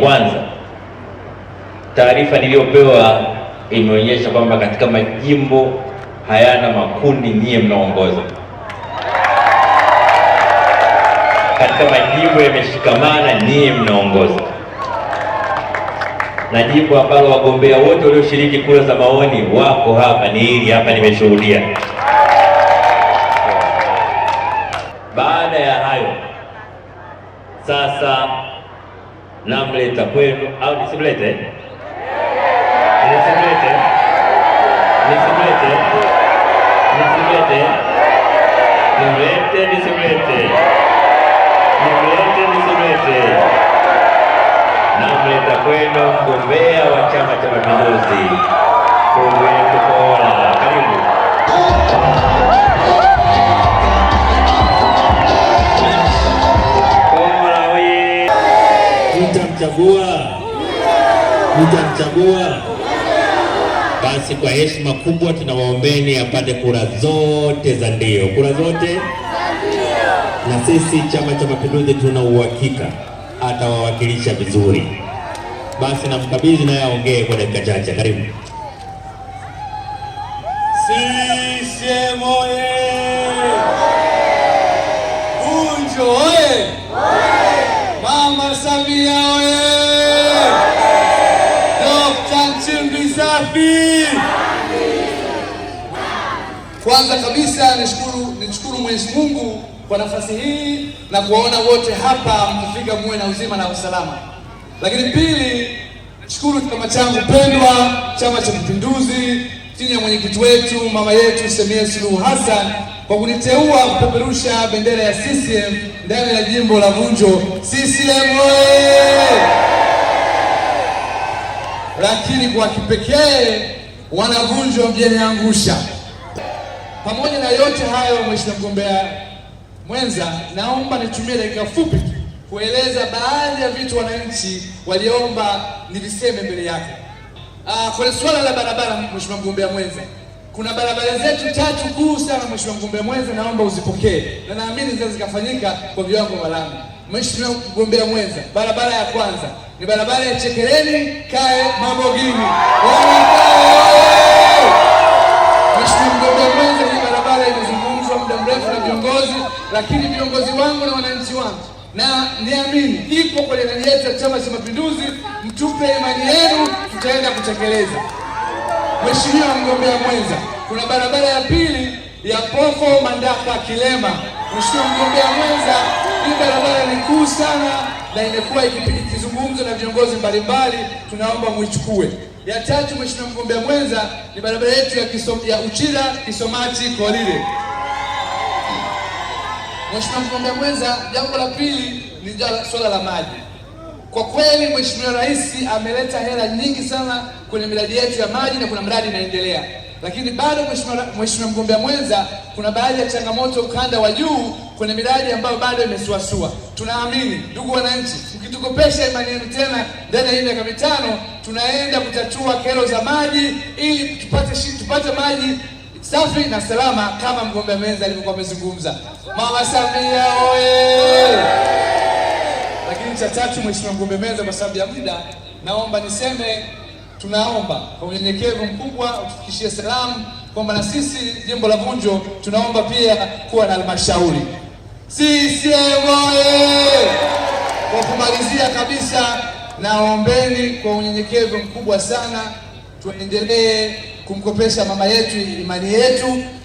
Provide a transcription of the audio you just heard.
kwanza, taarifa niliyopewa imeonyesha kwamba katika majimbo hayana makundi niye mnaongoza katika majimbo yameshikamana, niye mnaongoza. Na jimbo ambalo wagombea wote walioshiriki kura za maoni wako hapa ni hili hapa, nimeshuhudia. Baada ya hayo sasa namleta kwenu au nisimlete? Nisimlete? Nisimlete? Nisimlete? Nimlete? Nisimlete? Nimlete? Nisimlete? Namleta kwenu mgombea wa Chama cha Mapinduzi, Tundu Lissu Bora. kumchagua? Hutamchagua? Basi kwa heshima kubwa tunawaombeni apate kura zote za ndio, kura zote. Na sisi Chama cha Mapinduzi tuna uhakika atawawakilisha vizuri. Basi namkabidhi naye aongee kwa dakika chache, karibu. CCM oye! Bunjo oye! Mama Samia oye! safi. Kwanza kabisa nishukuru nishukuru Mwenyezi Mungu kwa nafasi hii na kuwaona wote hapa mkifika, muwe na uzima na usalama. Lakini pili, shukuru chama changu pendwa, Chama cha Mapinduzi, chini ya mwenyekiti wetu mama yetu Samia Suluhu Hassan kwa kuniteua kupeperusha bendera ya CCM ndani ya jimbo la Vunjo. CCM oye! lakini kwa kipekee wanavunjwa angusha Pamoja na yote hayo, mheshimiwa mgombea mwenza, naomba nitumie dakika fupi kueleza baadhi ya vitu wananchi waliomba niviseme mbele yako. Ah, kwenye suala la barabara, mheshimiwa mgombea mwenza, kuna barabara zetu tatu kuu sana, mheshimiwa mgombea mwenza, naomba uzipokee na naamini zinaweza zikafanyika kwa viwango malamu. Mheshimiwa mgombea mwenza, barabara ya kwanza ni barabara ya Chekereni mambo gini yaani, Mheshimiwa mgombea mwenza, hii barabara imezungumzwa muda mrefu na viongozi, lakini viongozi wangu na wananchi wangu, na niamini ipo kwenye ndani yetu ya Chama cha Mapinduzi. Mtupe imani yenu, tutaenda kutekeleza. Mheshimiwa mgombea mwenza, kuna barabara ya pili ya Pofo Mandaka Kilema. Mheshimiwa mgombea mwenza hii barabara ni kuu sana na imekuwa kizungumzo na viongozi mbalimbali, tunaomba mwichukue. Ya tatu, mheshimiwa mgombea mwenza, ni barabara yetu ya, kisom, ya Uchira Kisomati Kolile. Mheshimiwa mgombea mwenza, jambo la pili ni swala la maji. Kwa kweli Mheshimiwa Rais ameleta hela nyingi sana kwenye miradi yetu ya maji na kuna mradi inaendelea lakini bado mheshimiwa mgombea mwenza, kuna baadhi ya changamoto ukanda wa juu kwenye miradi ambayo bado imesuasua. Tunaamini ndugu wananchi, mkitukopesha imani yenu tena ndani ya hii miaka mitano, tunaenda kutatua kero za maji ili tupate shi, tupate maji safi na salama kama mgombea mwenza alivyokuwa amezungumza. Mama Samia oye! Lakini cha tatu, mheshimiwa mgombea mwenza, kwa sababu ya muda naomba niseme tunaomba kwa unyenyekevu mkubwa utufikishie salamu kwamba na sisi jimbo la Vunjo tunaomba pia kuwa na halmashauri sisi oye! Kwa kumalizia kabisa, naombeni kwa unyenyekevu mkubwa sana tuendelee kumkopesha mama yetu imani yetu.